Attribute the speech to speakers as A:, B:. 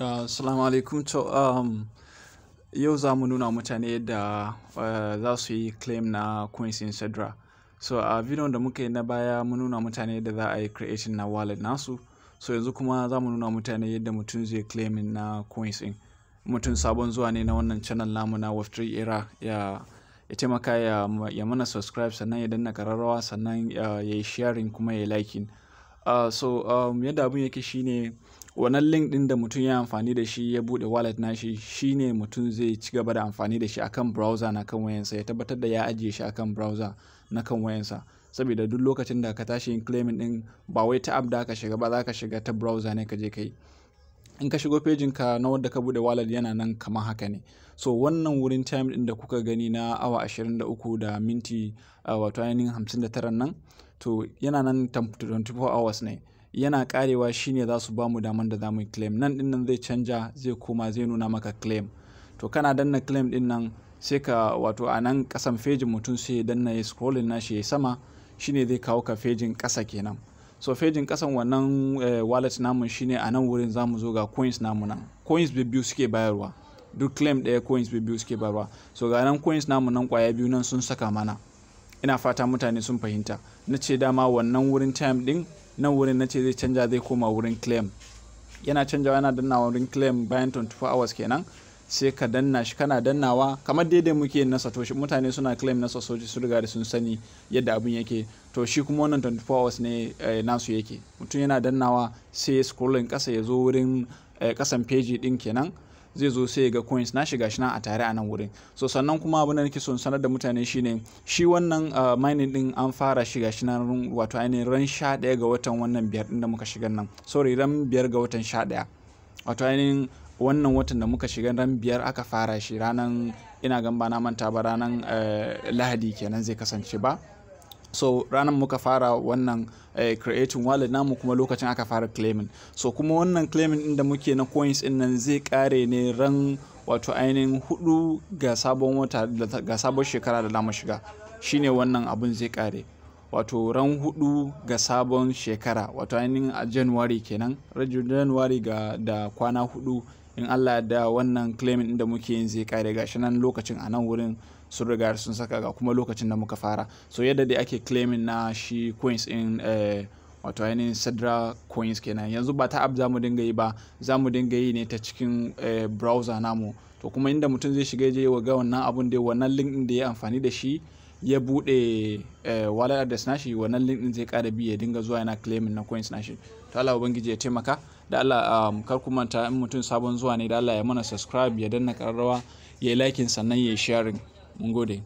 A: Uh, assalamu alaikum. To, um, yau za mu nuna mutane yadda uh, za su yi claim na coins in cedra So, a uh, video da muka yi na baya mun nuna mutane yadda za a yi creation na wallet nasu. So, yanzu kuma za mu nuna mutane yadda mutum zai claim na coins in. Mutum sabon zuwa ne na wannan channel namu na Web3 Era ya ya taimaka ya, ya mana subscribe sannan ya danna kararrawa sannan uh, ya yi sharing kuma ya yi liking. uh, so um, yadda abin yake shine wannan link din da mutum ya amfani da shi ya bude wallet nashi ne mutum zai ci gaba da amfani da shi akan browser na kan wayansa ya tabbatar da ya ajiye shi akan browser na kan wayansa saboda duk lokacin da ka tashi yin claiming din ba wai ta app da ka shiga ba za ka shiga ta browser ne ka je ka yi in ka shigo fejin ka na wanda ka bude wallet yana nan kamar haka ne so wannan wurin time din da kuka gani na awa 23 da minti wato ainihin 59 nan to yana nan 24 hours ne yana karewa shine za su bamu daman da zamu claim nan din nan zai canja zai koma zai nuna maka claim to kana danna claim din nan sai ka wato a nan kasan fejin mutum sai danna ya scrolling nashi ya sama shine zai kawo ka fejin kasa kenan so fejin kasan wannan eh, wallet namu shine a nan wurin za mu zo ga coins namu nan coins biyu suke bayarwa duk claim ɗaya coins biyu suke bayarwa so ga nan coins namu nan kwaya biyu nan sun saka mana ina fata mutane sun fahimta na ce dama wannan wurin time din nan wurin na ce zai canja zai koma wurin claim yana canjawa yana danna wurin claim bayan 24 hours kenan sai ka danna shi kana dannawa kamar daidai muke na satoshi mutane suna claim na satoshi su riga da sun sani yadda abin yake to shi kuma wannan 24 hours ne eh, nasu yake mutum yana dannawa sai scrolling kasa ya zo wurin kasan eh, peji din kenan zai zo sai ga coins na shiga shi nan a tare a nan wurin so sannan kuma abin da nake son sanar da mutane shine shi wannan eh, mining din an fara shiga shi nan wato ainihin ran sha daya ga watan wannan biyar din da muka shiga nan sorry ran biyar ga watan daya wato ainihin wannan watan da muka shiga ran biyar aka fara shi ranan ina gan ba na manta ba ranan lahadi kenan zai kasance ba so ranar muka fara wannan eh, creating wallet namu kuma lokacin aka fara claiming so kuma wannan claiming din da muke na coins din nan zai kare ne ran wato ainihin hudu ga sabon wata ga sabon shekara da zamu shiga shine wannan abun zai kare wato ran hudu ga sabon shekara wato ainihin a january kenan rajin january ga da kwana hudu in allah da wannan claiming da muke yin zai kare gashi nan lokacin a nan wurin sun riga sun saka ga kuma lokacin da muka fara so yadda dai ake claiming na shi coins in eh, wato ainihin sadra coins kenan yanzu ba ta app za mu dinga yi ba za mu dinga yi ne ta cikin eh, browser namu to kuma inda mutum zai shiga je wa ga wannan abun da wannan link din da ya amfani da shi ya bude eh, wallet address nashi wannan link din zai kada bi ya dinga zuwa yana claiming na coins nashi to Allah ubangiji ya taimaka da Allah um, kar ku manta in mutum sabon zuwa ne da Allah ya mana subscribe ya danna karrawa ya yi liking sannan ya yi sharing Mun gode.